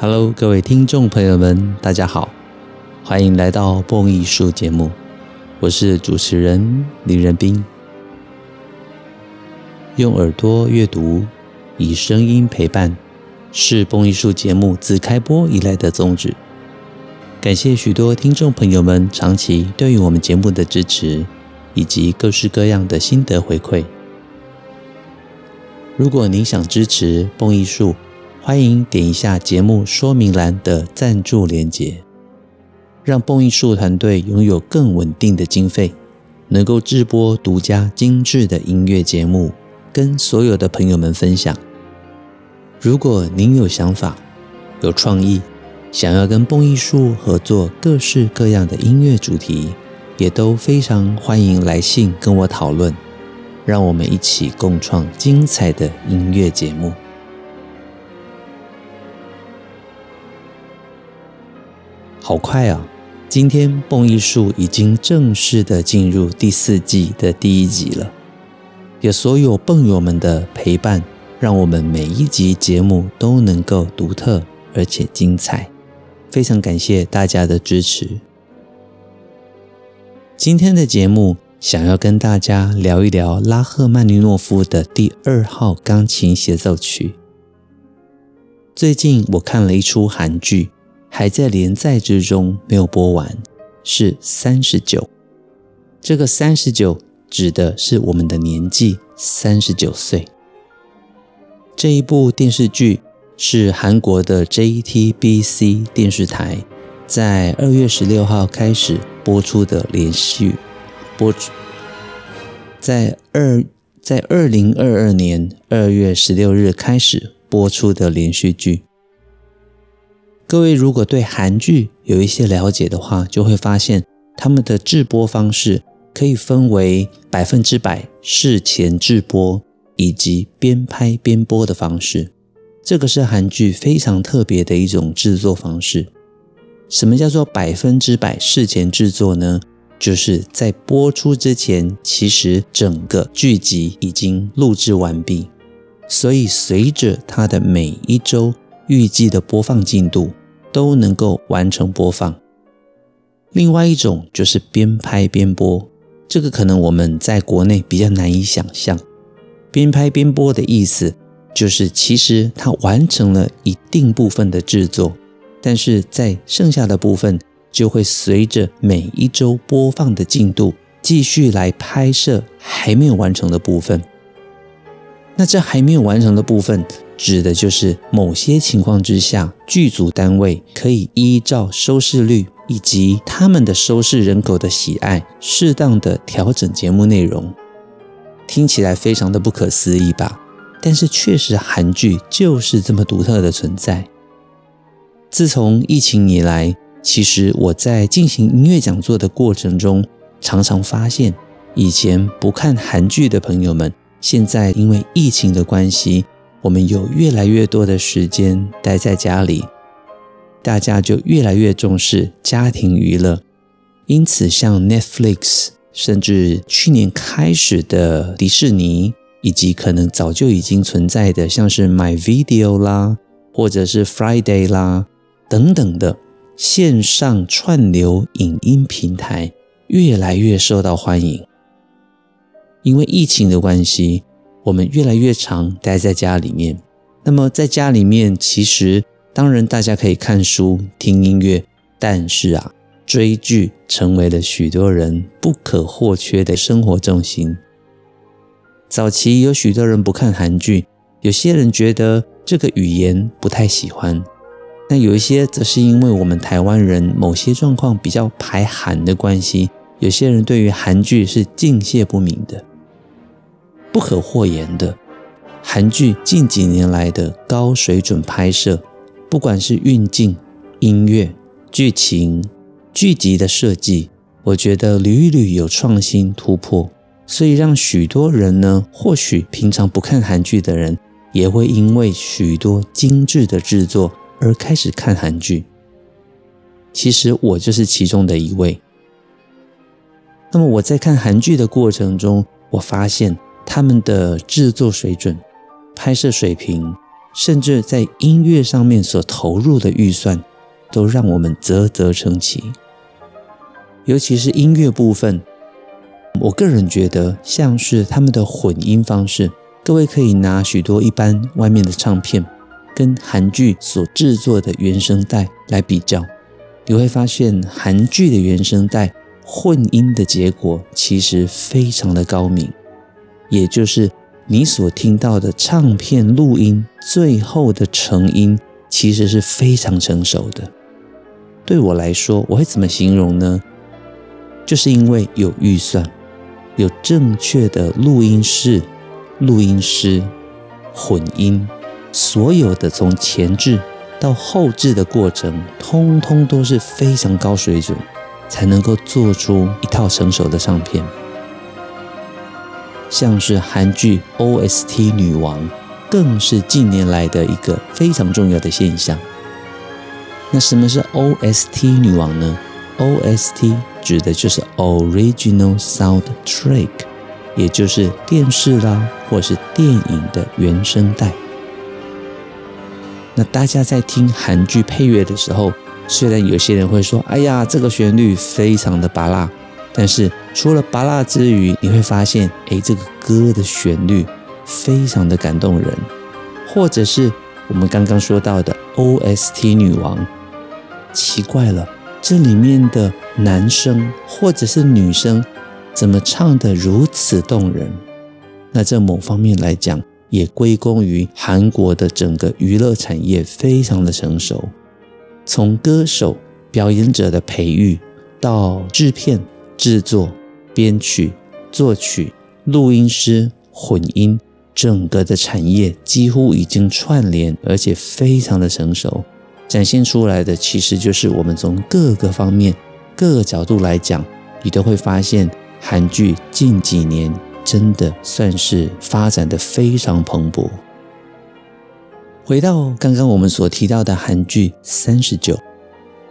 Hello，各位聽眾朋友們，大家好，歡迎來到《蹦藝術》節目。我是主持人林仁斌，用耳朵閱讀，以聲音陪伴，是《蹦藝術》節目自開播以來的宗旨。感謝許多聽眾朋友們長期對於我們節目的支持，以及各式各樣的心得回饋。如果您想支持《蹦藝術》，歡迎點一下節目說明欄的贊助連結，讓蹦藝術團隊擁有更穩定的經費，能夠製播獨家精致的音樂節目，跟所有的朋友們分享。如果您有想法、有創意，想要跟蹦藝術合作各式各樣的音樂主題，也都非常歡迎來信跟我討論，讓我們一起共創精彩的音樂節目。好快啊！今天《蹦藝術》已經正式的進入第四季的第一集了。有所有蹦友們的陪伴，讓我們每一集節目都能夠獨特而且精彩。非常感謝大家的支持。今天的節目想要跟大家聊一聊拉赫曼尼諾夫的第二號鋼琴協奏曲。最近我看了一出韓劇。還在連載之中，沒有播完，是三十九。這個三十九指的是我們的年紀，三十九歲。這一部電視劇是韓國的 JTBC 電視台在二月十六號開始播出的連續播出，在二在二零二二年二月十六日開始播出的連續劇。各位如果對韓劇有一些了解的話，就會發現他們的制播方式可以分為百分之百事前制播以及邊拍邊播的方式。這個是韓劇非常特別的一種制作方式。什麼叫做百分之百事前制作呢？就是在播出之前，其實整個劇集已經錄制完畢，所以隨着它的每一周，預計的播放進度都能夠完成播放。另外一種就是邊拍邊播，這個可能我們在國內比較難以想象。邊拍邊播的意思就是，其實它完成了一定部分的制作，但是在剩下的部分就會隨着每一周播放的進度繼續來拍攝還沒有完成的部分。那這還沒有完成的部分，指的就是某些情況之下，劇組單位可以依照收視率以及他們的收視人口的喜愛，適當的調整節目內容。聽起來非常的不可思議吧？但是確實韓劇就是這麼獨特的存在。自從疫情以來，其實我在進行音樂講座的過程中，常常發現，以前不看韓劇的朋友們，現在因為疫情的關係，我們有越來越多的時間待在家裡，大家就越來越重視家庭娛樂。因此，像 Netflix，甚至去年開始的迪士尼，以及可能早就已經存在的，像是 MyVideo 啦，或者是 Friday 啦等等的線上串流影音平台，越來越受到歡迎。因為疫情的關係。我們越來越常待在家裡面，那麼在家裡面，其實當然大家可以看書、聽音樂，但是啊，追劇成為了許多人不可或缺的生活重心。早期有許多人不看韓劇，有些人覺得這個語言不太喜歡，那有一些則是因為我們台灣人某些狀況比較排韓的關係，有些人對於韓劇是敬謝不敏的。不可諱言的，韓劇近幾年來的高水準拍攝，不管是運鏡、音樂、劇情、劇集的設計，我覺得屢屢有創新突破，所以讓許多人呢，或許平常不看韓劇的人，也會因為許多精致的制作而開始看韓劇。其實我就是其中的一位。那麼我在看韓劇的過程中，我發現。他們的製作水準、拍攝水平，甚至在音樂上面所投入的預算，都讓我們嘖嘖稱奇。尤其是音樂部分，我個人覺得，像是他們的混音方式，各位可以拿許多一般外面的唱片跟韓劇所製作的原聲帶來比較，你會發現韓劇的原聲帶混音的結果其實非常的高明。也就是你所聽到的唱片錄音最後的成音，其實是非常成熟的。對我來說，我會怎麼形容呢？就是因為有預算，有正確的錄音室、錄音師、混音，所有的從前製到後製的過程，通通都是非常高水準，才能夠做出一套成熟的唱片。像是韓劇 OST 女王，更是近年來的一個非常重要的現象。那什麼是 OST 女王呢？OST 指的就是 Original Soundtrack，也就是電視啦或是電影的原聲帶。那大家在聽韓劇配樂的時候，雖然有些人會說：“哎呀，這個旋律非常的芭樂。”但是除了芭樂之餘，你會發現，誒，這個歌的旋律非常的感動人，或者是我們剛剛說到的 OST 女王，奇怪了，這裡面的男生或者是女生怎麼唱得如此動人？那在某方面來講，也歸功於韓國的整個娛樂產業非常的成熟，從歌手、表演者的培育到製片。製作、編曲、作曲、錄音師、混音，整個的產業幾乎已經串聯，而且非常的成熟。展現出來的其實就是我們從各個方面、各個角度來講，你都會發現韓劇近幾年真的算是發展得非常蓬勃。回到剛剛我們所提到的韓劇三十九。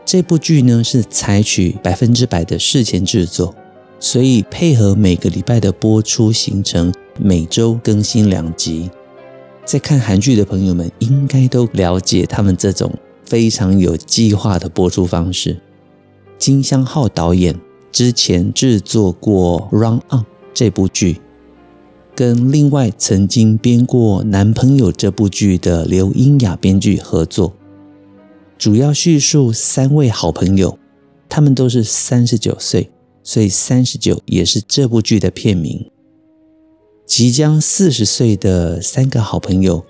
這部劇呢是採取百分之百的事前製作，所以配合每個禮拜的播出行程，每週更新兩集。在看韓劇的朋友們應該都了解他們這種非常有計劃的播出方式。金相浩導演之前製作過《Run On》這部劇，跟另外曾經編過《男朋友》這部劇的劉英雅編劇合作。主要敘述三位好朋友，他們都是三十九歲，所以三十九也是這部劇的片名。即將四十歲的三個好朋友，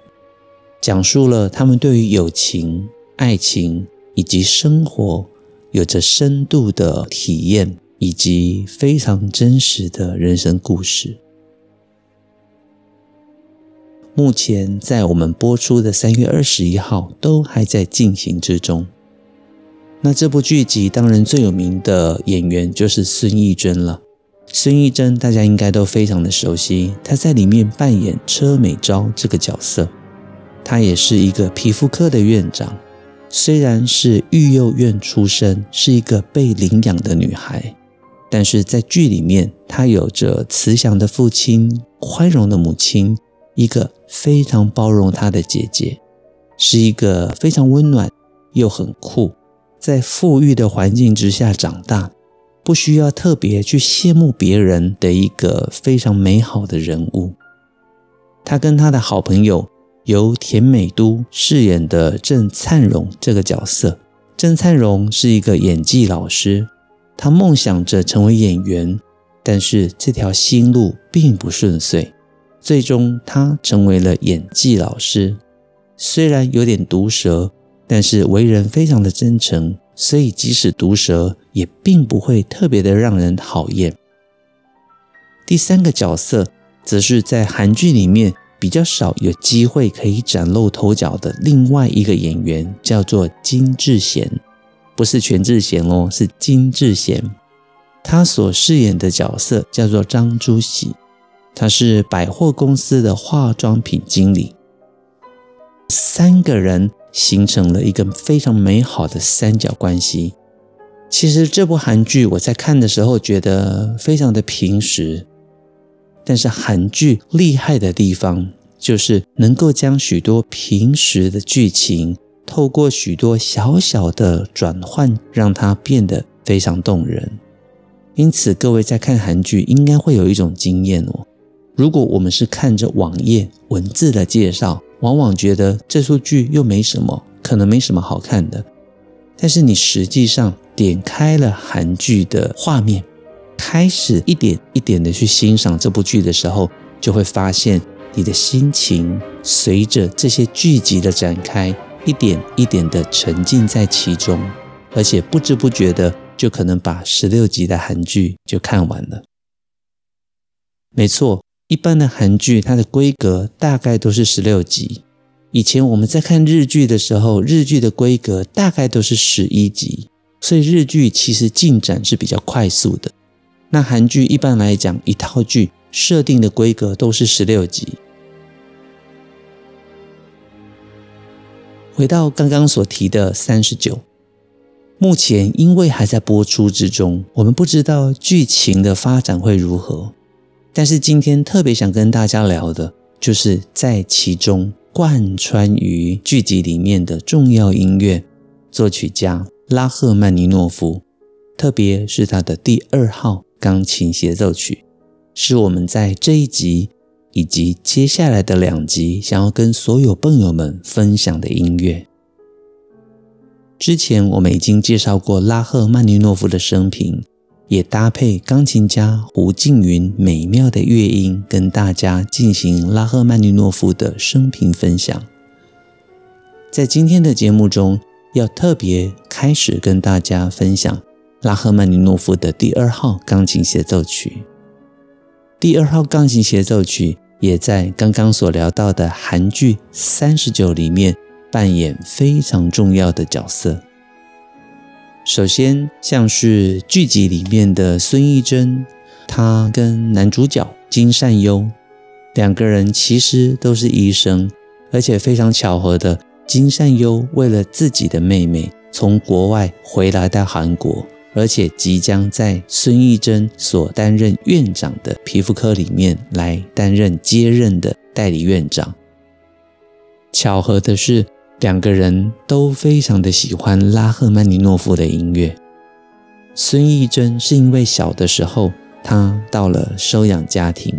講述了他們對於友情、愛情以及生活有着深度的體驗，以及非常真實的人生故事。目前在我們播出的三月二十一號都還在進行之中。那這部劇集當然最有名的演員就是孫藝珍了。孫藝珍大家應該都非常的熟悉，她在裡面扮演車美昭這個角色。她也是一個皮膚科的院長，雖然是育幼院出身，是一個被領養的女孩，但是在劇裡面她有着慈祥的父親、寬容的母親。一個非常包容她的姐姐，是一個非常溫暖又很酷，在富裕的環境之下長大，不需要特別去羨慕別人的一個非常美好的人物。他跟他的好朋友由田美都飾演的鄭燦榮這個角色，鄭燦榮是一個演技老師，他夢想着成為演員，但是這條心路並不順遂。最終，他成為了演技老師。雖然有點毒舌，但是為人非常的真誠，所以即使毒舌也並不會特別的讓人討厭。第三個角色，則是在韓劇裡面比較少有機會可以嶄露頭角的另外一個演員，叫做金智賢，不是全智賢哦，是金智賢。他所飾演的角色叫做張珠喜。他是百貨公司的化妝品經理，三個人形成了一個非常美好的三角關係。其實這部韓劇我在看的時候覺得非常的平實，但是韓劇厲害的地方就是能夠將許多平實的劇情，透過許多小小的轉換，讓它變得非常動人。因此，各位在看韓劇應該會有一種經驗哦。如果我們是看着網頁文字的介紹，往往覺得這出劇又沒什麼，可能沒什麼好看的。但是你實際上點開了韓劇的畫面，開始一點一點的去欣賞這部劇的時候，就會發現你的心情隨着這些劇集的展開，一點一點的沉浸在其中，而且不知不覺的就可能把十六集的韓劇就看完了。沒錯。一般的韓劇，它的規格大概都是十六集。以前我們在看日劇的時候，日劇的規格大概都是十一集，所以日劇其實進展是比較快速的。那韓劇一般來講，一套劇設定的規格都是十六集。回到剛剛所提的三十九，目前因為還在播出之中，我們不知道劇情的發展會如何。但是今天特別想跟大家聊的，就是在其中貫穿於劇集裡面的重要音樂作曲家拉赫曼尼諾夫，特別是他的第二號鋼琴協奏曲，是我們在這一集以及接下來的兩集想要跟所有蹦友們分享的音樂。之前我們已經介紹過拉赫曼尼諾夫的生平。也搭配鋼琴家胡靜雲美妙的樂音，跟大家進行拉赫曼尼諾夫的生平分享。在今天的節目中，要特別開始跟大家分享拉赫曼尼諾夫的第二號鋼琴協奏曲。第二號鋼琴協奏曲也在剛剛所聊到的韓劇《三十九》裡面扮演非常重要的角色。首先，像是劇集裡面的孫藝珍，她跟男主角金善優兩個人其實都是醫生，而且非常巧合的，金善優為了自己的妹妹從國外回來到韓國，而且即將在孫藝珍所擔任院長的皮膚科裡面來擔任接任的代理院長。巧合的是，兩個人都非常的喜歡拉赫曼尼諾夫的音樂。孫藝珍是因為小的時候，她到了收養家庭，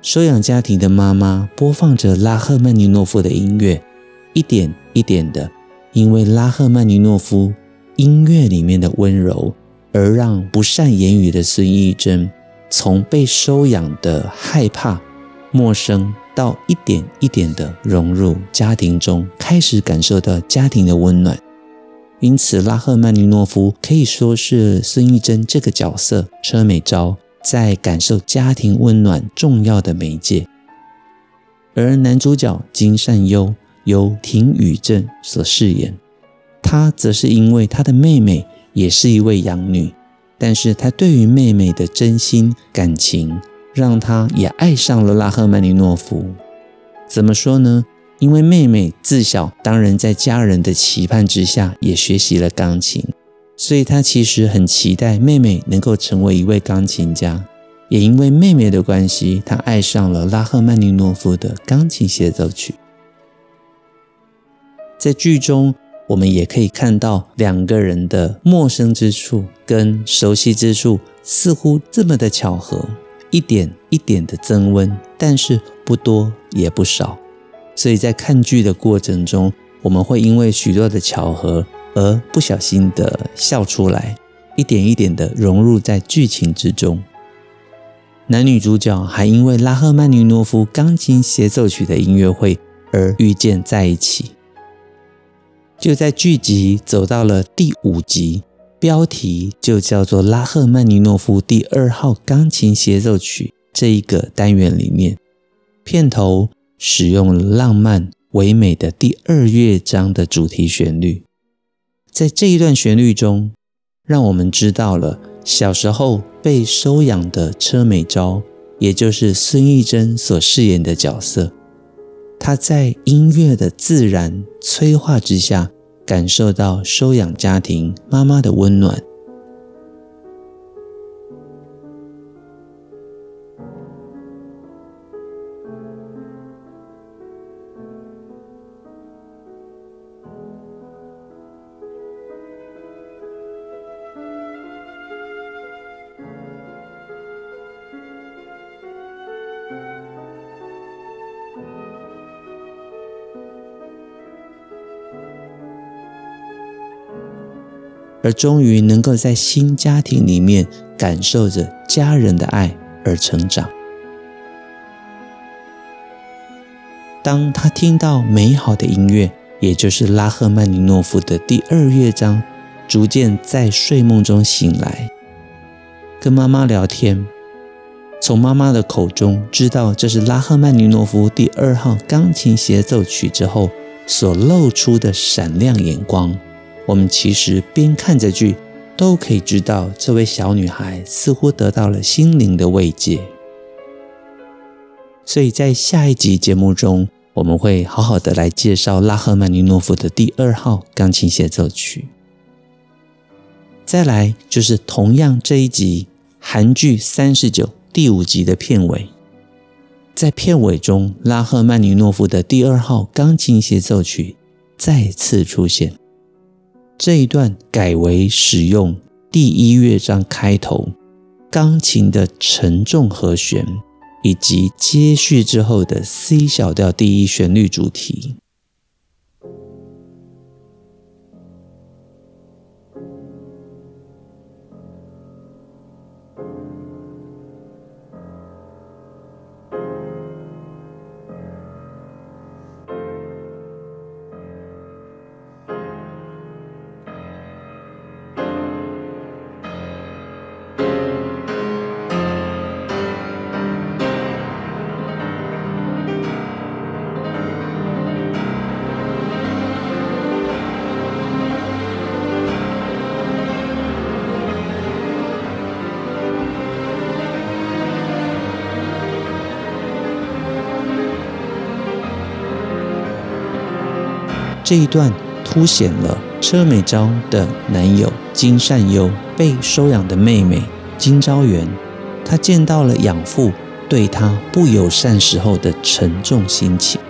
收養家庭的媽媽播放着拉赫曼尼諾夫的音樂，一點一點的，因為拉赫曼尼諾夫音樂裡面的溫柔，而讓不善言語的孫藝珍從被收養的害怕。陌生到一點一點的融入家庭中，開始感受到家庭的溫暖。因此，拉赫曼尼諾夫可以說是孫藝珍這個角色車美昭在感受家庭溫暖重要的媒介。而男主角金善優由廷宇鎮所飾演，他則是因為他的妹妹也是一位養女，但是他對於妹妹的真心感情。讓他也愛上了拉赫曼尼諾夫。怎麼說呢？因為妹妹自小當然在家人的期盼之下也學習了鋼琴，所以他其實很期待妹妹能夠成為一位鋼琴家。也因為妹妹的關係，他愛上了拉赫曼尼諾夫的鋼琴協奏曲。在劇中，我們也可以看到兩個人的陌生之處跟熟悉之處似乎這麼的巧合。一點一點的增溫，但是不多也不少，所以在看劇的過程中，我們會因為許多的巧合而不小心的笑出來，一點一點的融入在劇情之中。男女主角還因為拉赫曼尼諾夫鋼琴協奏曲的音樂會而遇見在一起，就在劇集走到了第五集。標題就叫做《拉赫曼尼諾夫第二號鋼琴協奏曲》這一個單元裡面，片頭使用了浪漫唯美的第二樂章的主題旋律，在這一段旋律中，讓我們知道了小時候被收養的車美昭，也就是孫藝珍所飾演的角色，她在音樂的自然催化之下，感受到收養家庭媽媽的溫暖，而終於能夠在新家庭裡面感受着家人的愛而成長。當他聽到美好的音樂，也就是拉赫曼尼諾夫的第二樂章，逐漸在睡夢中醒來，跟媽媽聊天，從媽媽的口中知道這是拉赫曼尼諾夫第二號鋼琴協奏曲之後，所露出的閃亮眼光。我們其實邊看這劇，都可以知道，這位小女孩似乎得到了心靈的慰藉。所以在下一集節目中，我們會好好的來介紹拉赫曼尼諾夫的第二號鋼琴協奏曲。再來就是同樣這一集韓劇《三十九》第五集的片尾，在片尾中，拉赫曼尼諾夫的第二號鋼琴協奏曲再次出現。這一段改為使用第一樂章開頭，鋼琴的沉重和弦，以及接續之後的 C 小調第一旋律主題。這一段凸顯了車美昭的男友金善優被收養的妹妹金昭元，她見到了養父對她不友善時候的沉重心情。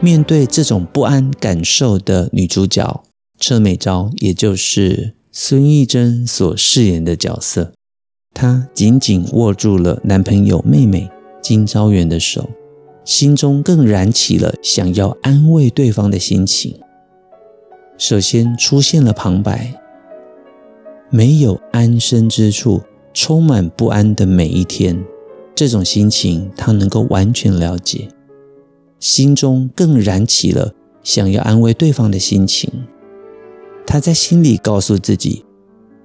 面對這種不安感受的女主角，車美昭，也就是孫藝珍所飾演的角色，她緊緊握住了男朋友妹妹金昭元的手。心中更燃起了想要安慰對方的心情。首先出現了旁白：沒有安身之處，充滿不安的每一天，這種心情他能夠完全了解。心中更燃起了想要安慰對方的心情。他在心裡告訴自己：“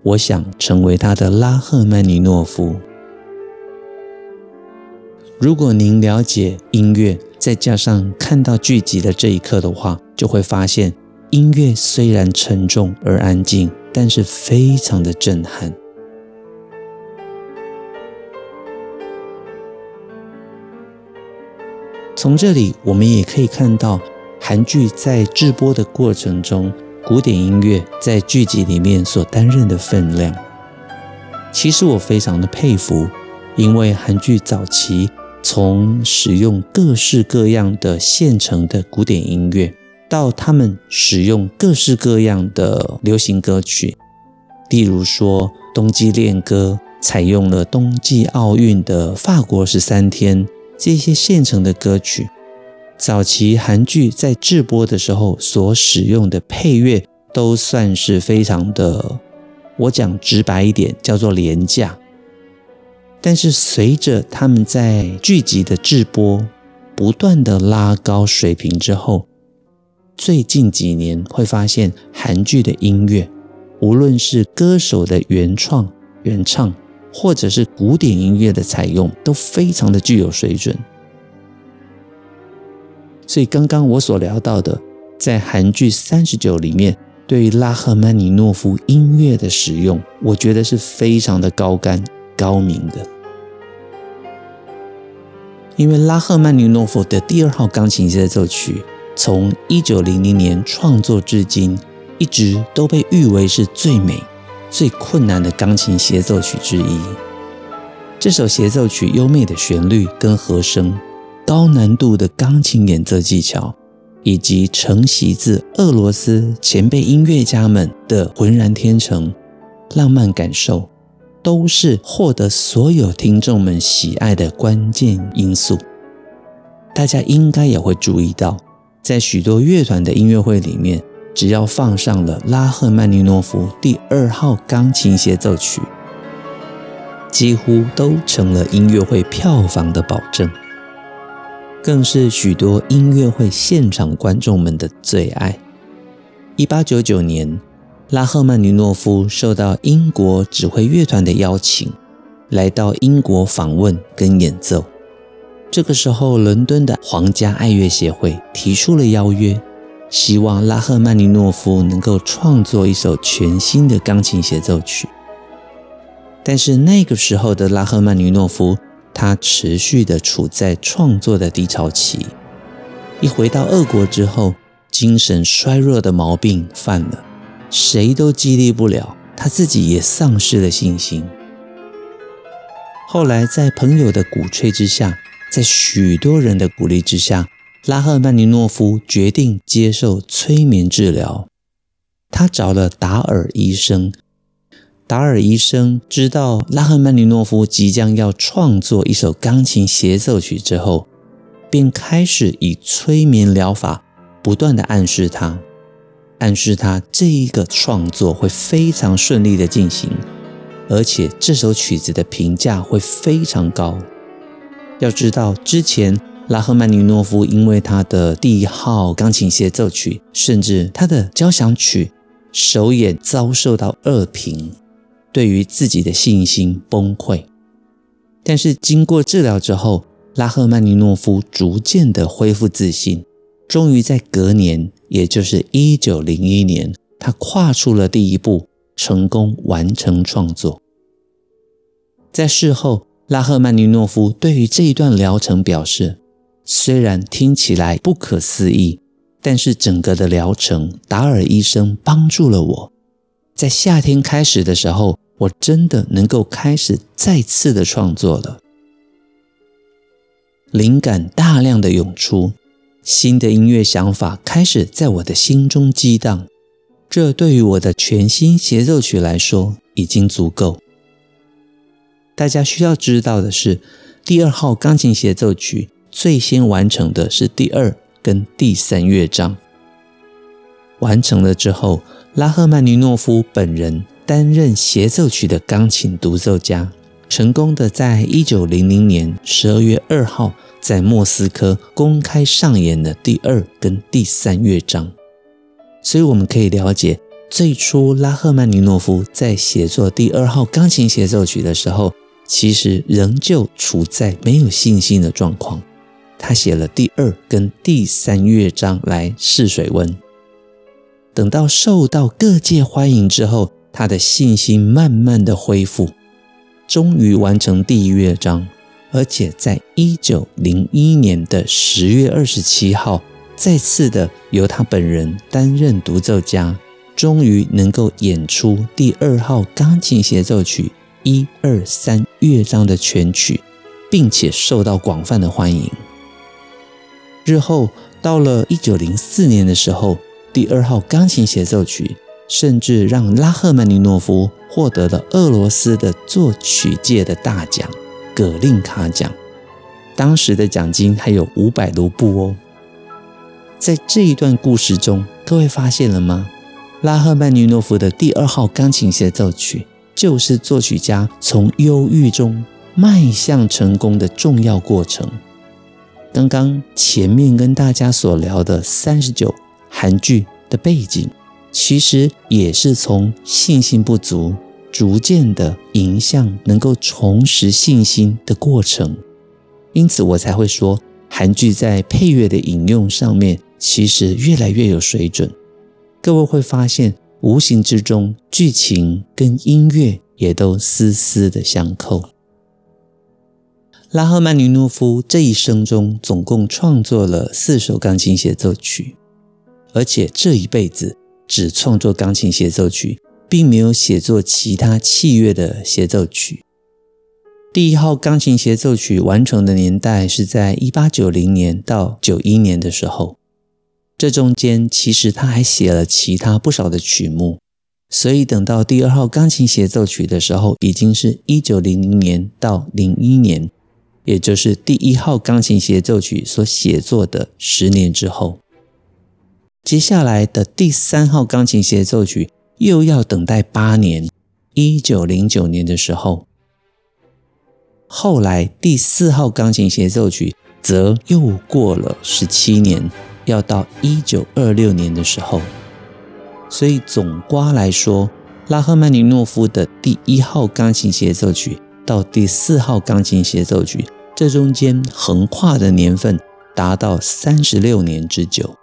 我想成為他的拉赫曼尼諾夫。”如果您了解音樂，再加上看到劇集的這一刻的話，就會發現音樂雖然沉重而安靜，但是非常的震撼。從這裡我們也可以看到，韓劇在制播的過程中，古典音樂在劇集裡面所擔任的分量。其實我非常的佩服，因為韓劇早期。從使用各式各樣的現成的古典音樂，到他們使用各式各樣的流行歌曲，例如說《冬季戀歌》採用了冬季奧運的法國十三天，這些現成的歌曲。早期韓劇在制播的時候所使用的配樂，都算是非常的，我講直白一點，叫做廉價。但是隨着他們在劇集的制播不斷的拉高水平之後，最近幾年會發現韓劇的音樂，無論是歌手的原創原唱，或者是古典音樂的採用，都非常的具有水準。所以剛剛我所聊到的，在韓劇《三十九》裡面對於拉赫曼尼諾夫音樂的使用，我覺得是非常的高干高明的。因為拉赫曼尼諾夫的第二號鋼琴協奏曲，從一九零零年創作至今，一直都被譽為是最美、最困難的鋼琴協奏曲之一。這首協奏曲優美的旋律跟和聲、高難度的鋼琴演奏技巧，以及承襲自俄羅斯前輩音樂家們的渾然天成、浪漫感受。都是獲得所有聽眾們喜愛的關鍵因素。大家應該也會注意到，在許多樂團的音樂會裡面，只要放上了拉赫曼尼諾夫第二號鋼琴協奏曲，幾乎都成了音樂會票房的保證，更是許多音樂會現場觀眾們的最愛。1899年，拉赫曼尼諾夫受到英國指揮樂團的邀請，來到英國訪問跟演奏。這個時候，倫敦的皇家愛樂協會提出了邀約，希望拉赫曼尼諾夫能夠創作一首全新的鋼琴協奏曲。但是那個時候的拉赫曼尼諾夫，他持續的處在創作的低潮期。一回到俄國之後，精神衰弱的毛病犯了。誰都激勵不了，他自己也喪失了信心。後來，在朋友的鼓吹之下，在許多人的鼓勵之下，拉赫曼尼諾夫決定接受催眠治療。他找了達爾醫生，達爾醫生知道拉赫曼尼諾夫即將要創作一首鋼琴協奏曲之後，便開始以催眠療法不斷地暗示他。暗示他這一個創作會非常順利的進行，而且這首曲子的評價會非常高。要知道，之前拉赫曼尼諾夫因為他的第一號鋼琴協奏曲，甚至他的交響曲首演遭受到惡評，對於自己的信心崩潰。但是經過治療之後，拉赫曼尼諾夫逐漸的恢復自信，終於在隔年。也就是一九零一年，他跨出了第一步，成功完成創作。在事後，拉赫曼尼諾夫對於這一段療程表示：“雖然聽起來不可思議，但是整個的療程，達爾醫生幫助了我。在夏天開始的時候，我真的能夠開始再次的創作了，靈感大量的湧出。”新的音樂想法開始在我的心中激盪，這對於我的全新協奏曲來說已經足夠。大家需要知道的是，第二號鋼琴協奏曲最先完成的是第二跟第三樂章。完成了之後，拉赫曼尼諾夫本人擔任協奏曲的鋼琴獨奏家。成功的，在一九零零年十二月二號，在莫斯科公開上演了第二跟第三樂章。所以我們可以了解，最初拉赫曼尼諾夫在寫作第二號鋼琴協奏曲的時候，其實仍舊處在沒有信心的狀況。他寫了第二跟第三樂章來試水溫，等到受到各界歡迎之後，他的信心慢慢的恢復。終於完成第一樂章，而且在一九零一年的十月二十七號，再次的由他本人擔任獨奏家，終於能夠演出第二號鋼琴協奏曲一二三樂章的全曲，並且受到廣泛的歡迎。日後到了一九零四年的時候，第二號鋼琴協奏曲甚至讓拉赫曼尼諾夫。獲得了俄羅斯的作曲界的大獎——葛令卡獎。當時的獎金還有五百盧布哦。在這一段故事中，各位發現了嗎？拉赫曼尼諾夫的第二號鋼琴協奏曲，就是作曲家從憂鬱中邁向成功的重要過程。剛剛前面跟大家所聊的三十九韓劇的背景，其實也是從信心不足，逐漸的迎向能夠重拾信心的過程。因此，我才會說，韓劇在配樂的引用上面，其實越來越有水準。各位會發現，無形之中，劇情跟音樂也都絲絲的相扣。拉赫曼尼諾夫這一生中，總共創作了四首鋼琴協奏曲，而且這一輩子。只創作鋼琴協奏曲，並沒有寫作其他器樂的協奏曲。第一號鋼琴協奏曲完成的年代是在一八九零年到九一年的時候，這中間其實他還寫了其他不少的曲目，所以等到第二號鋼琴協奏曲的時候，已經是一九零零年到零一年，也就是第一號鋼琴協奏曲所寫作的十年之後。接下來的第三號鋼琴協奏曲又要等待八年，一九零九年的時候，後來第四號鋼琴協奏曲則又過了十七年，要到一九二六年的時候。所以總括來說，拉赫曼尼諾夫的第一號鋼琴協奏曲到第四號鋼琴協奏曲，這中間橫跨的年份達到三十六年之久。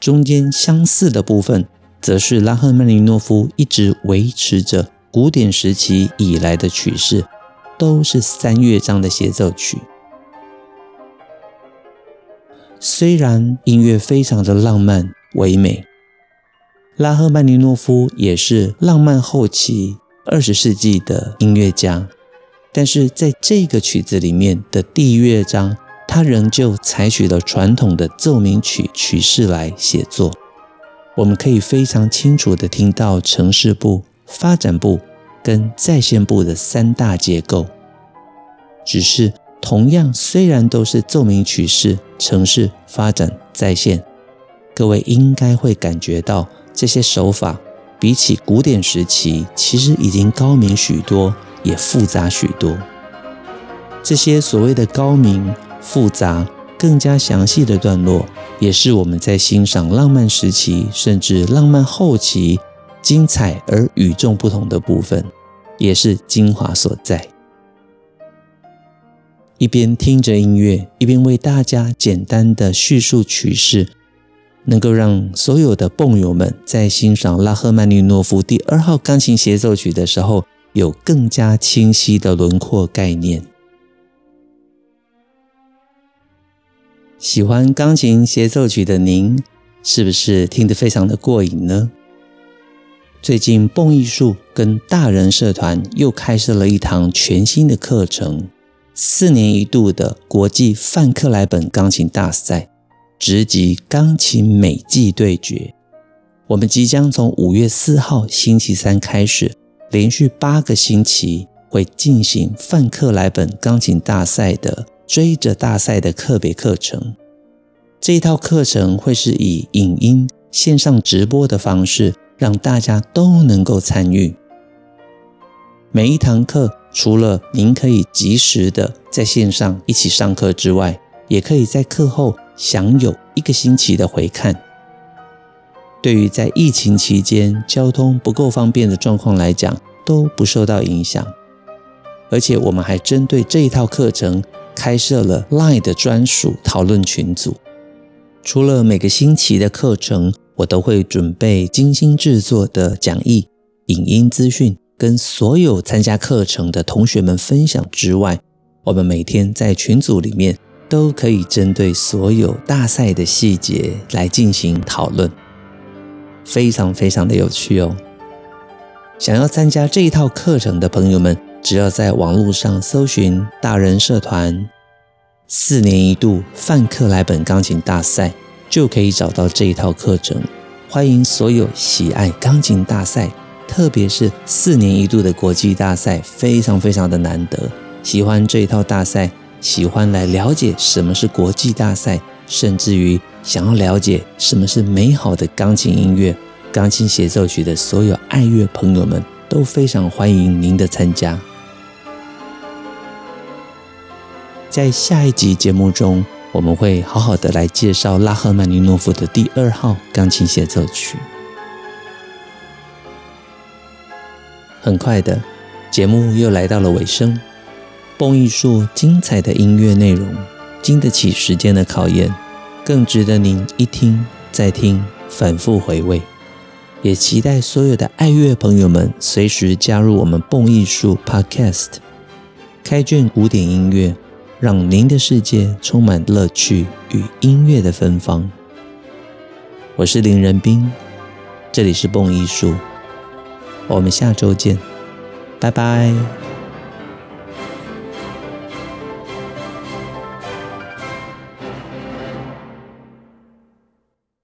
中間相似的部分，則是拉赫曼尼諾夫一直維持着古典時期以來的曲式，都是三樂章的協奏曲。雖然音樂非常的浪漫唯美，拉赫曼尼諾夫也是浪漫後期二十世紀的音樂家，但是在這個曲子裡面的第一樂章。他仍舊採取了傳統的奏鳴曲曲式來寫作，我們可以非常清楚地聽到呈示部、發展部跟再現部的三大結構。只是同樣，雖然都是奏鳴曲式、呈示發展、再現。各位應該會感覺到這些手法比起古典時期，其實已經高明許多，也複雜許多。這些所謂的高明。複雜、更加詳細的段落，也是我們在欣賞浪漫時期甚至浪漫後期精彩而與眾不同的部分，也是精華所在。一邊聽着音樂，一邊為大家簡單的敘述曲式，能夠讓所有的蹦友們在欣賞拉赫曼尼諾夫第二號鋼琴協奏曲的時候，有更加清晰的輪廓概念。喜歡鋼琴協奏曲的您，是不是聽得非常的過癮呢？最近，蹦藝術跟大人社團又開設了一堂全新的課程——四年一度的國際范克萊本鋼琴大賽直擊鋼琴美技對決。我們即將從五月四號星期三開始，連續八個星期會進行范克萊本鋼琴大賽的。追着大賽的特別課程，這一套課程會是以影音線上直播的方式，讓大家都能夠參與。每一堂課，除了您可以即時的在線上一起上課之外，也可以在課後享有一個星期的回看。對於在疫情期間交通不夠方便的狀況來講，都不受到影響。而且我們還針對這一套課程，開設了 Line 的專屬討論群組，除了每個星期的課程，我都會準備精心制作的講義、影音資訊，跟所有參加課程的同學們分享之外，我們每天在群組裡面都可以針對所有大賽的細節來進行討論，非常非常的有趣哦！想要參加這一套課程的朋友們。只要在網絡上搜尋“大人社團”，四年一度范克萊本鋼琴大賽，就可以找到這一套課程。歡迎所有喜愛鋼琴大賽，特別是四年一度的國際大賽，非常非常的難得。喜歡這一套大賽，喜歡來了解什麼是國際大賽，甚至於想要了解什麼是美好的鋼琴音樂、鋼琴協奏曲的所有愛樂朋友們，都非常歡迎您的參加。在下一集節目中，我們會好好的來介紹拉赫曼尼諾夫的第二號鋼琴協奏曲。很快的，節目又來到了尾聲。蹦藝術精彩的音樂內容，經得起時間的考驗，更值得您一聽再聽，反覆回味。也期待所有的愛樂朋友們隨時加入我們蹦藝術 Podcast，開卷古典音樂。讓您的世界充滿樂趣與音樂的芬芳。我是林仁斌，這裡是蹦藝術，我們下周見，拜拜。